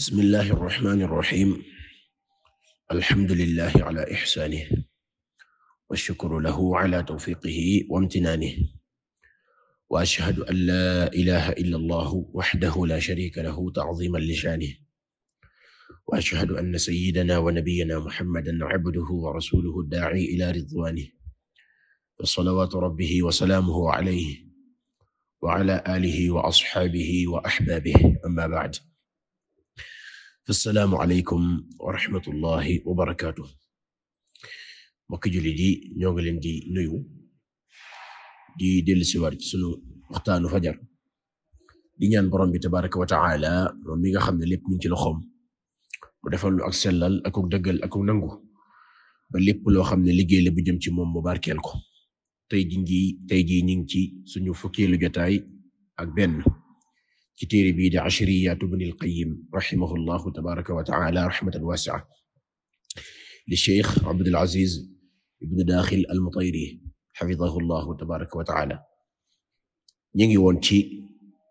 bismillahi irrahmani irrahim alhamdulillahi ala ixsaanih walshukru lahu ala tawfiqihi wa amtinaanih wa ashhadu an laa ilaha illa allahu waxdahu la sharika lahu tacdiman lisaanih wa ashhadu anna sayyidana wa nabiyyana muhammadan cabduhu wa rasuluhu daaci ila ridwaanih salawaatu rabbihi wa salaamuhu alayhi wa ala aalihi wa asxaabihi wa axbaabihi amma bacd assalaamu aleykum wa rahmatullahi wa barakaatu mbokki jullit yi ñoo ngi leen di nuyu di dellusiwaat ci sunu waxtaanu fajar di ñaan borom bi tabaraka wa taala moom mi nga xam ne lépp mi ngi ci loxoom mu defal lu ak sellal ak ak nangu ba lépp loo xam ne liggéey la bu jëm ci moom mu barkel ko tey ji ngi tey ji ñu ngi ci suñu fukkeelu jotaay ak benn ci téere bii di ashriyat ibn al-Qayyim rahimahullahu tabaraka wa ta'ala rahmatan wasi'a li Abdul Aziz ibn Dakhil al-Mutayri hafidahullahu tabaraka wa ta'ala ñu ngi woon ci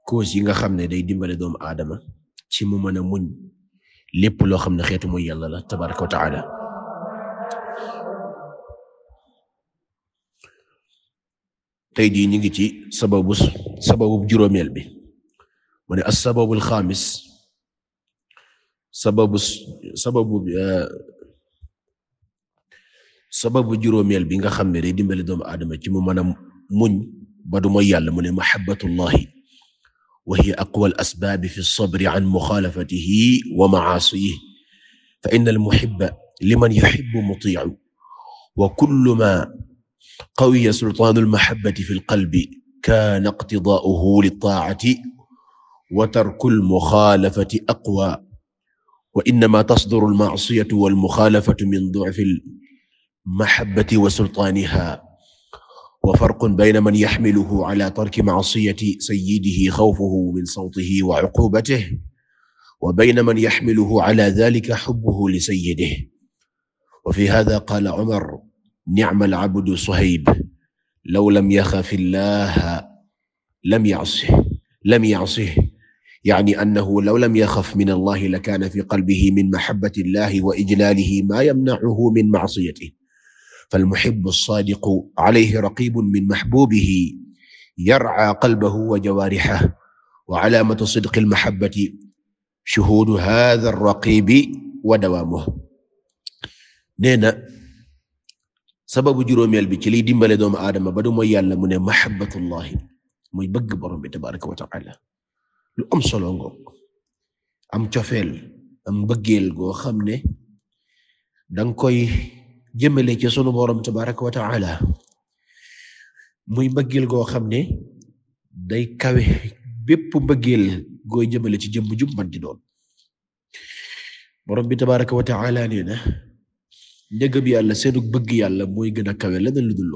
cause yi nga xam ne day dimbale doomu aadama ci mu mën a lépp loo xam ne xeetu mooy yàlla la tabaraka wa ta'ala tey jii ñu ngi ci sababus sababub bi mu ne as-sababu al-xaamis sababu sababu eh, sababu juróomeel bi nga xam ne day dimbali doomu aadama ci mu mën a muñ ba du mooy yàlla mu ne mahabbatullahi wa hiya aqwa al-asbaabi fi as-sabri an muxaalafatihi wa macaasiyihi fa inna al-muhibba liman yuhibbu mutiicu wa kullu maa qawiya sultaanu al-mahabbati fi al-qalbi kaana iqtidaa'uhu li-t-taacati wa tarkul muxaalafati aqwa wa innama tasduru almaasiyatu walmuxaalafatu min du'fi almahabbati wa sultaaniha wa farqun bayna man yaxmiluhu ala tarki maasiyati sayyidihi xawfuhu min sawtihi wa uquubatihi wa bayna man yaxmiluhu ala daalika xubbuhu li sayyidihi wa fi haadaa qaala Umar nicma alcabdu Suhayb law lam yaxaf Allaaha lam ya'sihi lam ya'sihi يعني أنه لو لم يخف من الله لكان في قلبه من محبة الله وإجلاله ما يمنعه من معصيته فالمحب الصادق عليه رقيب من محبوبه يرعى قلبه وجوارحه وعلامة صدق المحبة شهود هذا الرقيب ودوامه nee na sababu juróomeel bi ci liy dimbale doomu aadama ba du mooy yàlla mu ne mahabbatullahi muy bëgg borom bi tabaraka wa taala lu am solo ngoog am cofeel am mbëggeel goo xam ne danga koy jëmale ci sunu borom tabaraka wa taala muy mbëggeel goo xam ne day kawe bépp mbëggeel goo jëmale ci jëmm ju man di doon borom bi tabaraka wa taala nee yàlla seenu bëgg yàlla mooy gën a kawe leneen lu dul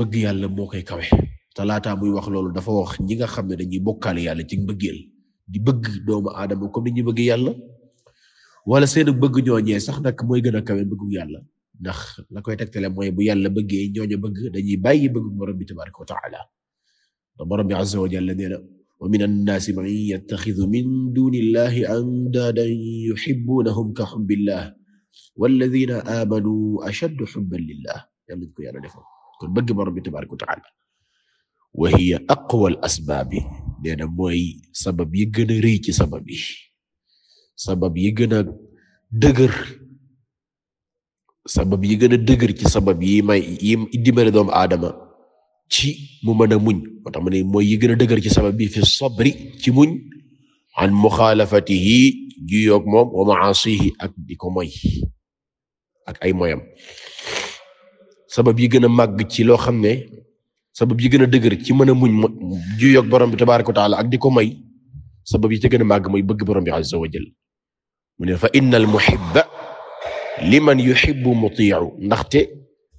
bëgg yàlla moo koy kawe te laataa wax loolu dafa wax ñi nga xam ne dañuy bokkal yàlla ci mbëggeel di bëgg doomu aadama comme ni ñuy bëgg yàlla wala seen bëgg ñooñee sax nag mooy gën a kawe bëggu yàlla ndax la koy tegtale mooy bu yàlla bëggee ñooñu bëgg dañuy bàyyi bëgg borom bi tabaraka wa taala da borom bi azza wa jalla nee na wa min annaasi man yattaxidu min duni illahi andaadan yuxibbunahum ka xubbillah walladina aamanu ashaddu xubban lillah ko yàlla defal kon bëgg borom bi tabaraka wa wa hiya aqwal asbaabi nee sabab yi gën a rëy ci sabab yi sabab yi gën a dëgër sabab yi gën a dëgër ci sabab yi may yi dimbale doomu aadama ci mu mën a muñ moo tax ma ne yi gën a dëgër ci sabab yi fi sabri ci muñ an muxaalafatihi juyoog moom wa maasihi ak diko moy ak ay moyam sabab yi gën a màgg ci loo xam ne sabab yi gën a dëgër ci mën a muñ ju borom bi tabaaraka wa taala ak di ko may sabab yi ci gën a màgg may bëgg borom bi azza wa jal mu ne fa innal muhibba liman yuhibbu muti'u ndaxte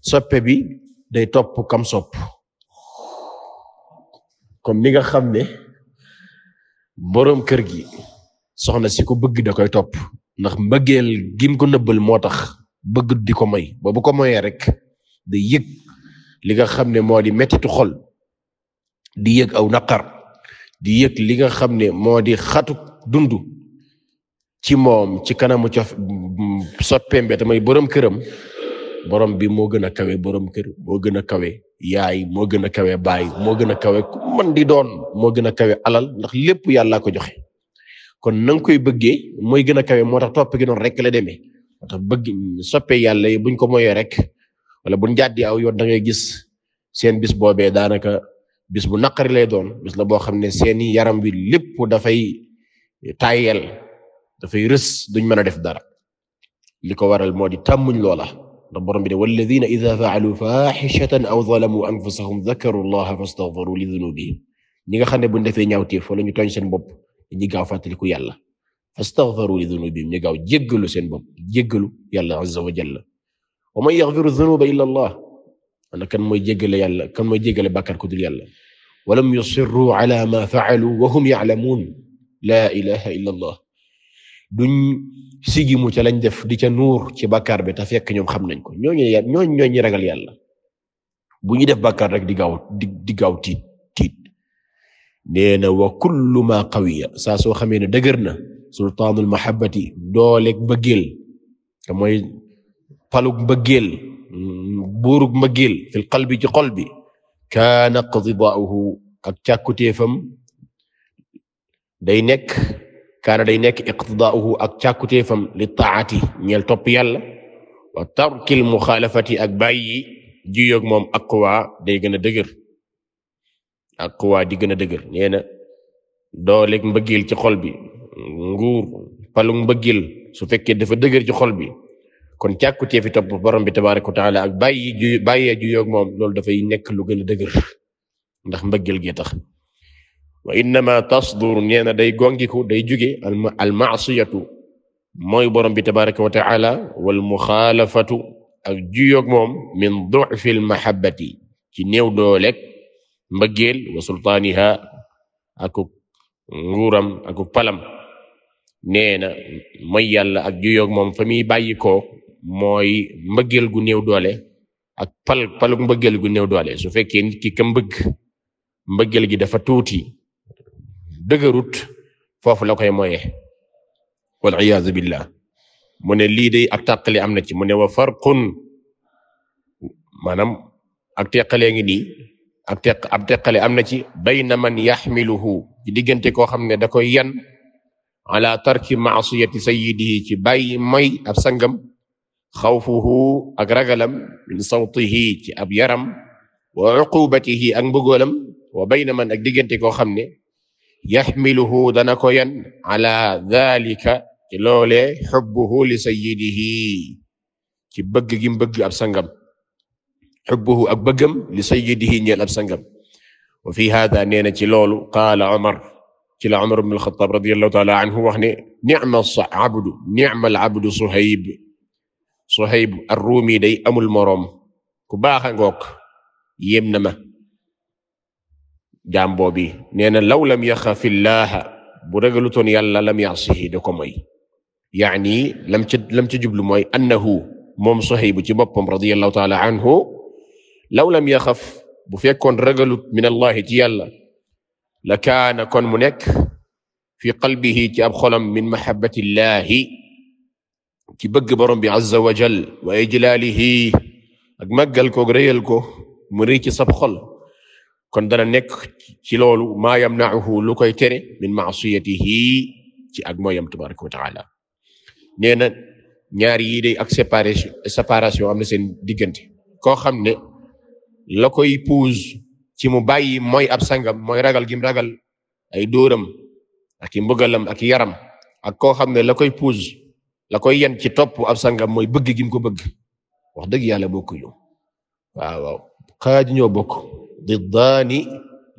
soppe bi day topp kam sopp comme ni nga xam ne boroom kër gi soxna si ko bëgg da koy topp ndax mbëggeel gim ko nëbbal moo tax bëgg di ko may ba ko moyee rek day yëg li nga xam ne moo di mettitu xol di yëg aw naqar di yëg li nga xam ne moo di xatu dund ci moom ci kanamu cof soppe bi tamay borom këram borom bi moo gën a kawe borom kër moo gën a kawe yaay moo gën a kawe baay moo gën a kawe ku mën di doon moo gën a kawe alal ndax lépp yàllaa ko joxe kon na koy bëggee mooy gën a kawe moo tax topp gi noonu rek la demee moo soppe yàlla yi buñ ko moyee rek wala buñ jàddi aw yoon da ngay gis seen bis boobee daanaka bis bu naqari lay doon bis la boo xam ne seeni yaram wi lépp dafay tayel dafay rës duñ mën a def dara li ko waral moo di tàmmuñ loola ndax borom bi ne walladina ida faalu faxishatan aw zalamu anfusahum dakaru llaha fastaghfaru li dunubihim ñi nga xam ne buñ defee ñaawteef wala ñu tooñ seen bopp ñi gaaw fàttaliku yàlla fastaghfaru li dunubihim ñu gaaw jéggalu seen bopp jéggalu yàlla azza wa jalla wa man yaghfiru dhunuba illa allah ana kan mooy jéggale yàlla kan mooy jéggale bàkkaar ku dul yàlla wa lam yusirru ala ma fa'alu wa hum ya'lamun laa ilaha illa allah duñ sigimu ca lañ def di ca nuur ci bàkkaar bi te fekk ñoom xam nañ ko ñooñu ñooñu ñooñu ragal yàlla bu ñu def bàkkaar rek di gaaw di di gaaw tiit tiit nee na wa kullu ma qawiya saa soo xamee ne dëgër na sultaanul mahabbati dooleeg bëggeel te mooy palug mbëggeel buurug mbëggeel fil qalbi ci xol bi kaana qadibaahu ak càkkutéefam day nekk kaan day nekk iqtidaahu ak càkkutéefam li taati ñeel topp yàlla wa tarkil muxaalafati ak bàyyi jiyoog ak aqwa day gën a dëgër aqwa di gën a dëgër nee na ci xol bi nguur palug mbëggeel su fekkee dafa dëgër ci xol bi kon càkkutéefi topp borom bi tabaraka wa taala ak bàyyi ju bàyyee moom loolu dafay nekk lu gën a dëgër ndax mbëggeel gee tax wa innama tasdur nee na day gongiku day jóge al maasiyatu mooy borom bi tabaraka wa taala wal muxaalafatu ak ju yoog moom min du'fi al mahabbati ci néew dooleeg mbëggeel wa sultaaniha aku nguuram aku palam nee mooy yàlla ak ju yoog moom fa muy bàyyi ko mooy mbëggeel gu néew doole ak pal palu mbëggeel gu néew doole su fekkee nit ki ka mbëgg mbëggeel gi dafa tuuti dëgërut foofu la koy moye wal iyaazu billah mu ne lii day ak tàqale am na ci mu ne wa farqun maanaam ak teqalee ngi nii ak teq am na ci bayna man yaxmiluhu ci diggante koo xam ne da koy yan ala tarki maasiyati sayyidihi ci bàyyi moy ab sangam xawfuhu ak ragalam min sawtihi ci ab yaram wa uqubatihi ak mbëggolam wa bayna man ak diggante koo xam ne yaxmiluhu dana ko yan ala dhalika ci loolee xubbuhu li sayyidihi ci bëgg gi mu bëgg ab sangam xubbuhu ak bëggam li sayyidihi ñeel ab sangam wa fi hada nee na ci loolu qaala Umar ci la Umar ibn al-Khattab radiyallahu ta'ala anhu wax ne ni'ma al abdu ni'ma al abdu Suhayb Suhayb ar-Rumi day amul moroom ku baax a ngook yéem na ma jàmboo bi nee na law lam yaxafi llaaha bu ragalutoon yàlla lam yasihi da ko moy yaani lam ca lam ca jublu mooy annahu moom bu ci boppam radiyallahu taala anhu law lam yaxaf bu fekkoon ragalut min allahi ci yàlla la kaana kon mu nekk fi qalbihi ci ab xolam min mahabbatillahi ci bëgg borom bi azza wa jal wa ijlaalihi ak màggal ko réyal ko mu rëy ci sab xol kon dana nekk ci loolu maa yamna'uhu lu koy tere min ma'siyatihi ci ak mooyam tabaraka wa taala nee na ñaar yii ak séparation am na seen diggante koo xam ne la koy puus ci mu bàyyi mooy ab sangam mooy ragal gim ragal ay dóoram ak i mbëgalam ak yaram ak koo xam ne la koy puus la koy yen ci topp ab sangam mooy bëgg gi ko bëgg wax dëgg yàlla bokkuñu waaw waaw xaaj ñoo bokk diddaani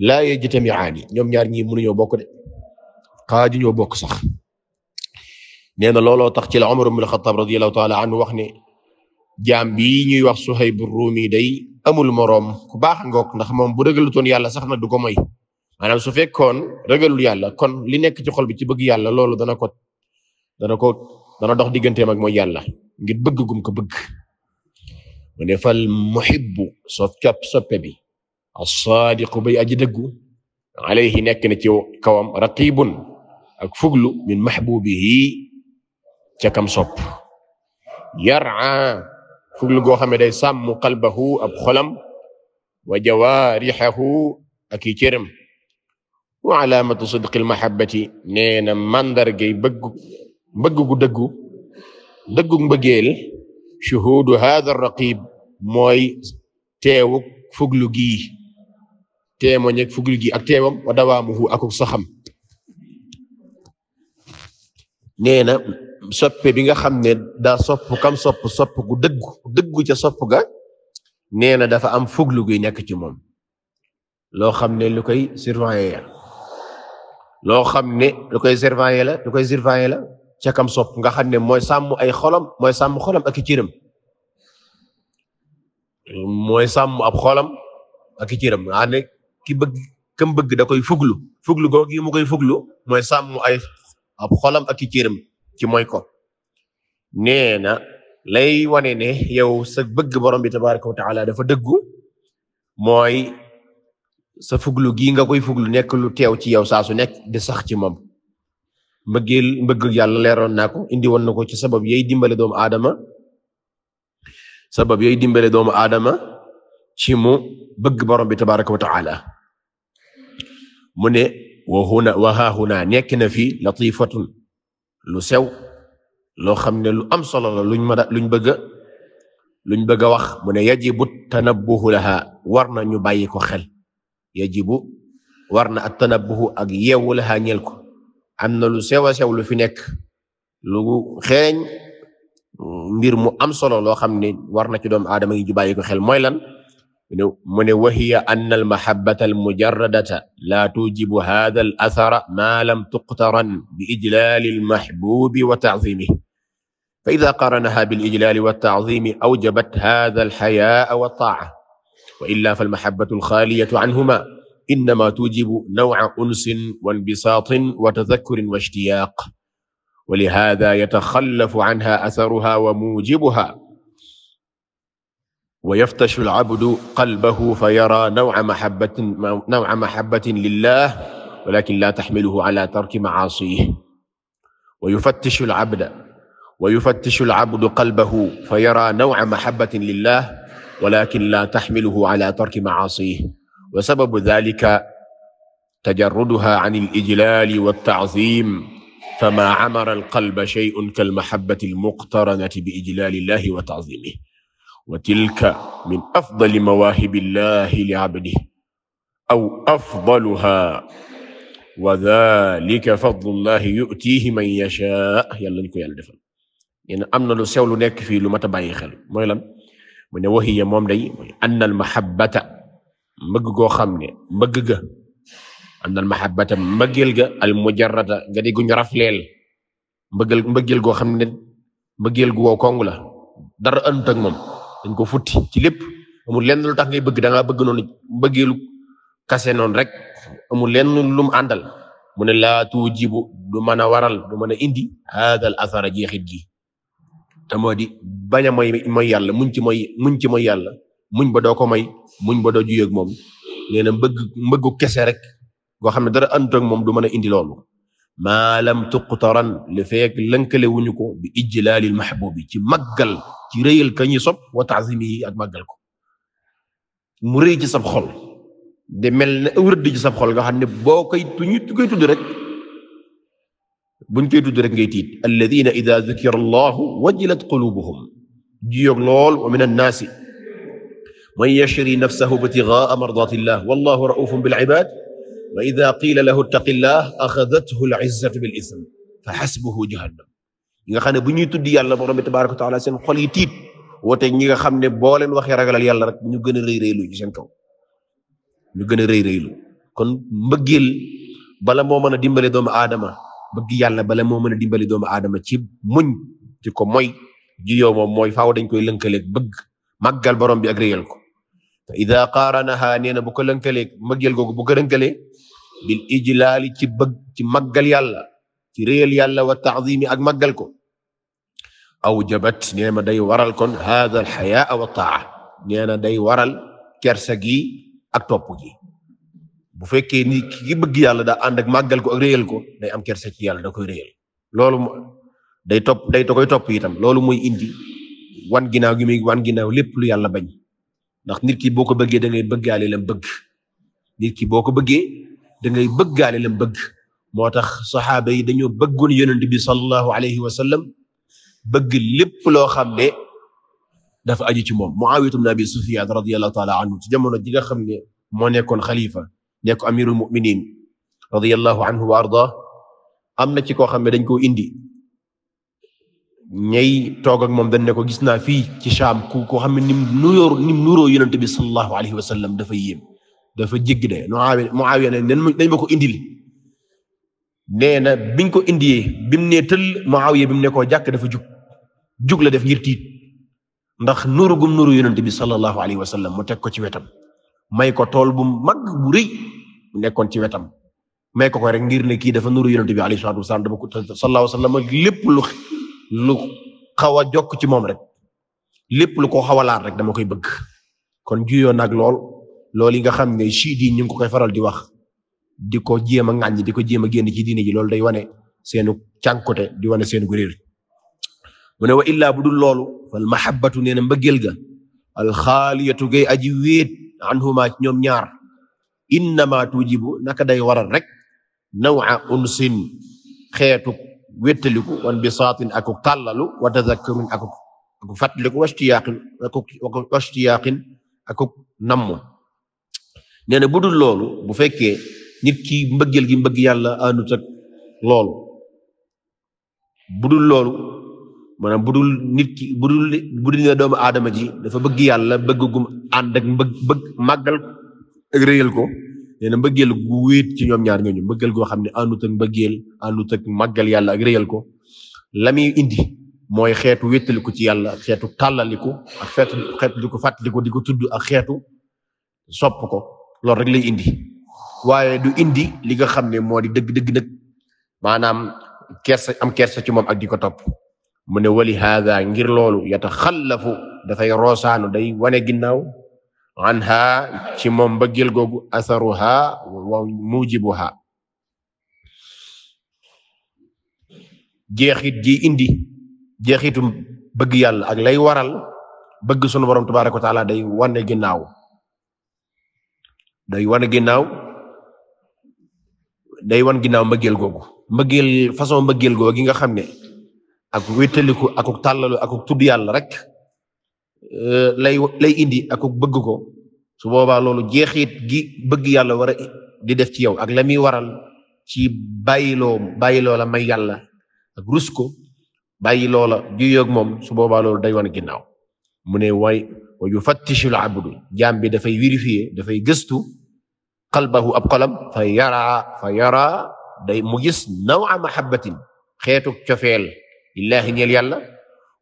laa yajtamiaani ñoom ñaar ñi mënuñoo bokk de xaaj ñoo bokk sax nee na looloo tax ci la Umar ibn al-Khattab radiyallahu ta'ala anhu wax ni jaam bii ñuy wax Suhayb ar-Rumi day amul moroom ku baax ngook ndax moom bu rëgalutoon yàlla sax na du ko moy maanaam su fekkoon rëgalul yàlla kon li nekk ci xol bi ci bëgg yàlla loolu dana ko dana ko dana dox digganteem ak mooy yàlla ngir bëgg gum ko bëgg mu ne fal muhibbu sopp soppe bi as-saadiqu bay aji dëggu alayhi nekk na ci kawam raqibun ak fuglu min mahbubihi ca kam sopp yar'a fuglu goo xam ne day sàmm qalbahu ab xolam wa jawaarixahu ak i cëram wa alaamatu sidqil mahabbati nee na mandargay bëgg mbëgg gu dëggu dëggu mbëggeel shuhudu hadha raqib mooy teewu fuglu gi teemoñ ak fuglu gii ak teewam wa dawaamuhu akuk saxam nee na soppe bi nga xam ne daa sopp kam sopp sopp gu dëggu dëggu ca sopp ga nee na dafa am fuglu gi nekk ci moom loo xam ne lu koy surveiller loo xam ne lu koy surveiller la lu koy surveiller la ca kam nga xam ne mooy sàmm ay xolam mooy sàmm xolam ak i ciiram mooy sàmm ab xolam ak i ciiram nga ki bëgg kam bëgg da koy fuglu fuglu googu mu koy fuglu mooy sàmm ay ab xolam ak i ci mooy ko nee na lay wane ne yow sa bëgg borom bi tabaraka wa taala dafa dëggu mooy sa fuglu gii nga koy fuglu nekk lu teew ci yow saa su nekk di sax ci moom mbëggeel mbëgg yàlla leeroon naa ko indi woon na ko ci sabab yay dimbale doomu adama sabab yay dimbale doomu aadama ci mu bëgg borom bi tabaraka wa taala mu ne wa huna wa haahuna nekk na fi latifatun lu sew loo xam ne lu am solo la luñ mën luñ bëgg luñ bëgg a wax mu ne yajibu tanabbuhu laha war na ñu bàyyi ko xel yajibu war na at tanabbuhu ak yeewu laha ñel ko am na lu sew a sew lu fi nekk lu xeeñ mbir mu am solo loo xam ne war na ci doomu aadama yi ju bàyyi ko xel mooy lan mu ne wa hiya anna al mahabbata al mujarradata laa tujibu hadha al athara ma lam tuqtaran bi ijlali al mahbubi wa ta'zimih fa idha qaranaha bil ijlali wa ta'zimi awjabat hadha al hayaa wa ta'a wa illa fa al mahabbatu al khaliyatu anhuma innama tujibu naw'a unsin wa inbisaatin wa tadhakkurin wa ishtiyaaq wa lihaadha yataxallafu anha atharuha wa muujibuha wa yaftashu al-'abdu qalbahu fa yara naw'a mahabbatin naw'a mahabbatin lillah walakin la taxmiluhu ala tarki ma'aasihi wa yufattishu al-'abda wa yufattishu al-'abdu qalbahu fa yara naw'a mahabbatin lillah walakin la taxmiluhu ala tarki ma'aasihi wa sababu dhalika tajarruduha an al-ijlaal wa at-ta'ziim famaa amara al-qalba shay'un kal-mahabbati al-muqtaranati bi ijlaalillahi wa ta'ziimihi wa tilka min afdali mawaahibi llahi li-'abdihi aw afdaluhaa wa dhaalika fadlullahi yu'tiihi man yashaa' yàlla ñu ko yàlla defal yéen am na lu sew lu nekk fii lu mat a bàyyi xel mooy lan mu ne wahiya moom day mooy anna al-mahabbata mbëgg goo xam ne mbëgg ga am na mahabbata mbëggeel ga al mujarrada nga di guñu rafleel mbëggeel mbëggeel goo xam ne mbëggeel gu wow kong la dara ënt ak moom dañ ko futti ci lépp amul lenn lu tax bëgg da bëgg noonu mbëggeelu kase noonu rek amul lenn lu mu àndal mu ne laa tuujibu du mën a waral du mën a indi haadal asara jeexit gi te moo di bañ a mooy mooy ci mooy muñ ci mooy yàlla muñ ba doo ko may muñ ba doo juyee moom nee na mbëgg mbëggu kese rek goo xam ne dara àndut moom du mën a indi loolu maa lam tuqtaran li feek lënkale wuñu ko bi ijlalil mahbubi ci maggal ci rëyal ka ñi sob wa taazimi yi ak màggal ko mu rëy ci sab xol de mel ne aw rëdd ci sab nga xam ne boo koy tuñu tudd rek buñ koy tudd rek ngay tiit alladina ida zukira allahu wajilat qulubuhum jiyoog lool wa min annaasi من يشري نفسه ابتغاء مرضات الله والله رؤوف بالعباد وإذا قيل له اتق الله أخذته العزة بالإثم فحسبه جهنم ñi nga xam ne bu ñuy tudd yàlla borom bi tabaaraka wa taala seen xol yi tiit woote ñi nga xam ne boo leen waxee ragalal yàlla rek ñu gën a rëy rëylu ci seen kaw ñu gën a rëy rëylu kon mbëggeel bala moo mën a dimbale doomu aadama bëgg yàlla bala moo mën a dimbale doomu aadama ci muñ ci ko mooy ji yow moom mooy faaw dañ koy lënkaleeg bëgg màggal borom bi ak réyal ko ida qaaranaha nee na bu ko lënkalee mbëggeel googu bu ko lënkalee bil ijlaali ci bëgg ci màggal yàlla ci réyal yàlla wa taazimi ak màggal ko aw jabat nee ma day waral kon hada al xayaa wa taa nee day waral kersa gi ak topp gi bu fekkee ni ki bëgg yàlla daa ànd ak màggal ko ak réyal ko day am kerse ci yàlla da ko réyal loolu day topp day da koy topp itam loolu muy indi wan ginnaaw gi muy wan ginnaaw lépp lu yàlla bañ ndax nit ki boo ko bëggee da ngay bëggaale lam bëgg nit ki boo ko bëggee da ngay bëggaale lam bëgg moo tax saxaaba yi dañoo bëggoon yonent bi sallallahu alayhi wa sallam bëgg lépp loo xam ne dafa aju ci moom Muawiyatu bnu Abi Sufyaan radiyallahu taala anhu ci jamono ji nga xam ne moo nekkoon xalifa nekk amirul mu'minin radiyallahu anhu wa arda am na ci koo xam ne dañ koo indi ñay toog ak moom dañ ne ko gis naa fii ci Shaam ku ko xam ne nim nuyoo nim nuyoo yonent bi sallallahu alayhi wa sallam dafa yéem dafa jéggi de Muawiya Muawiya ne dañ ma ko indil nee na biñ ko indiyee bim nee tëll Muawiya bim jàkk dafa jug jug la def ngir tiit ndax nuuru gum nuuru yonent bi sallallahu alayhi wa sallam mu teg ko ci wetam may ko tool bu mag bu rëy mu nekkoon ci wetam may ko ko rek ngir ne kii dafa nuuru yonent bi alayhi salaatu wa salaam dafa ko sallallahu lépp lu lu xaw a jokk ci moom rek lépp lu ko xaw a laal rek dama koy bëgg kon juyoo nag lool loolu yi nga xam ne chiit yi ñu ngi ko koy faral di wax di ko jéem a ŋàññi di ko jéem a génn ci diine ji loolu day wane seenu cànkote di wane seenu réer mu ne wa illaa bu dul loolu wal mahabbatu nee na mbëggeel ga alxaaliyatu gay aji wéet anhuma ci ñoom ñaar innama tujibu naka day waral rek na nawa unsin xeetu wéttaliku wan bi saatin akuk tàllalu wa tazakkarun akuk akuk fàttaliku washtiyaqin akuk washtiyaqin akuk nammu nee loolu bu fekkee nit ki mbëggeel gi mbëgg yàlla àndut ak loolu bu loolu maanaam bu dul nit ki bu dul bu dul ne doomu aadama ji dafa bëgg yàlla bëgg gum ànd bëgg màggal ak ko nee na mbëggeel gu wéet ci ñoom ñaar ñooñu mbëggeel goo xam ne àndut ak mbëggeel àndut ak màggal yàlla ak réyal ko la indi mooy xeetu wéttaliku ci yàlla xeetu tàllaliku ak xeetu xeetu di ko fàttaliku di ko tudd ak xeetu sopp ko loolu rek lay indi waaye du indi li nga xam ne moo di dëgg-dëgg maanaam kersa am kersa ci moom ak di ko topp mu ne wali haada ngir loolu yataxallafu dafay rosaanu day wane ginnaaw anha ci moom mbëggeel googu asaruha wa mujibuha jeexit ji indi jeexitu bëgg yàlla ak lay waral bëgg sunu borom tabaraka wa taala day wane ginnaaw day wane ginnaaw day wan ginnaaw mbëggeel googu mbëggeel façon mbëggeel googu gi nga xam ne ak wéttaliku akuk tàllalu akuk tudd yàlla rek Euh, lay lay indi ak bëgg ko su boobaa loolu jeexit gi bëgg yàlla war di def ci yow ak la muy waral ci bàyyiloo bàyyiloo la may yàlla ak rusko ko bàyyi loola juyoog moom su boobaa loolu day wan ginnaaw mu ne way wa yufattishul abdu jaam bi dafay vérifier dafay gëstu qalbahu ab xolam fa yara day mu gis nawa mahabbatin xeetu cofeel lillahi ñeel yàlla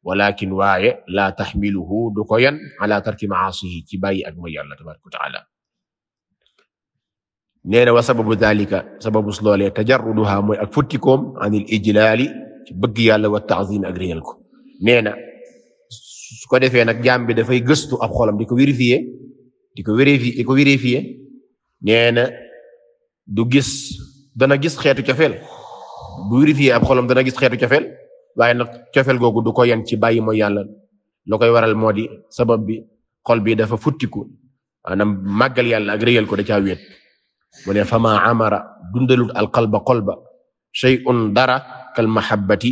walakin waaye la taxmiluhu du ko yan ala tarki maasihi ci bàyyi ak mooy yàlla tabaraka wa taala nee na wa sababu dalika sababu loolee tajarruduha mooy ak futtikoom anil ijlaali ci bëgg yàlla wa taazim ak réyal ko nee na su ko defee nag jaam bi dafay gëstu ab xolam di ko vérifier di ko vérifier di ko vérifier nee na du gis dana gis xeetu cofeel bu vérifier ab xolam dana gis xeetu cofeel waaye nag cofel googu du ko yan ci bàyyi mooy yàlla lu koy waral moo di sabab bi xol bi dafa futtiku maanaam màggal yàlla ak réyal ko de caa wéet mu ne fama amara dundalut alqalba xolba shay'un dara kal mahabbati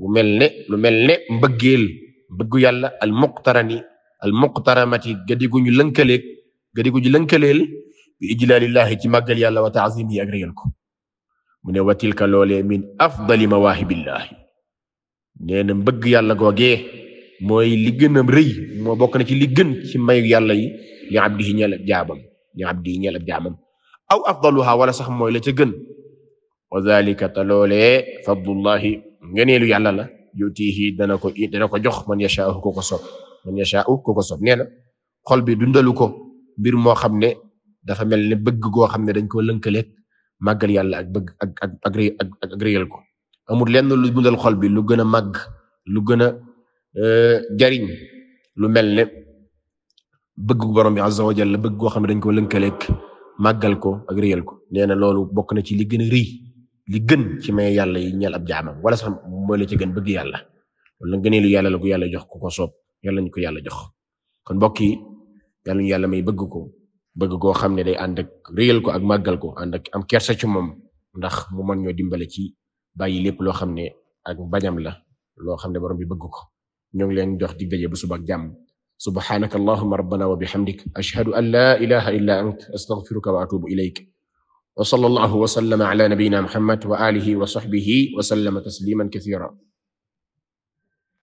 lu mel ne lu mel ne mbëggeel mbëggu yàlla al muqtarani al muqtaramati gadigu ñu lënkaleeg gadigu ñu lënkaleel bi ijlaalillahi ci màggal yàlla wa taazimihi ak réyal ko mu ne wa tilka loolee min afdali mawaahibillahi nee na mbëgg yàlla googee mooy li gën rëy moo bokk na ci li ci mayu yàlla yi li abdihi ñeel ab jaamam li abdihi ñeel aw afdaluha wala sax mooy la ca gën wa zalika te loolee fadlullahi ngeneelu la yutihi dana ko dana ko jox man yashaahu ko ko sob man yashaahu ko ko sob nee na xol bi dalu ko mbir moo xam ne dafa mel ne bëgg goo xam ne dañ koo lënkaleeg màggal yàlla ak bëgg ak ak ak ak réyal ko amul lenn lu dundal xol bi lu gën a màgg lu gën a euh, jariñ lu mel ne bëgg borom bi azza wa jalla bëgg goo xam ne dañ ko lënkaleeg màggal ko ak réyal ko nee na loolu bokk na ci li gën a rëy li gën ci may yàlla yi ñeel ab jaamam wala sax mooy la ci gën bëgg yàlla loolu nag gënee lu yàlla la ko yàlla jox ku ko soob yàlla ñu ko yàlla jox kon mbokk yi yàlla yàlla may bëgg ko bëgg koo xam ne day ànd ak réyal ko ak màggal ko ànd ak am kersa ci moom ndax mu mën ñoo dimbale ci bàyyi lépp loo xam ne ak bañam la loo xam ne borom bi bëgg ko ñoo ngi leen jox dig daje ba suba ak jàmm subhanaka allahumma rabbana wa bihamdik ashhadu an la ilaha illa ant astaghfiruka wa atubu ilayk wa sallallahu wa sallama ala nabiyyina muhammad wa alihi wa sahbihi wa sallama tasliman kathira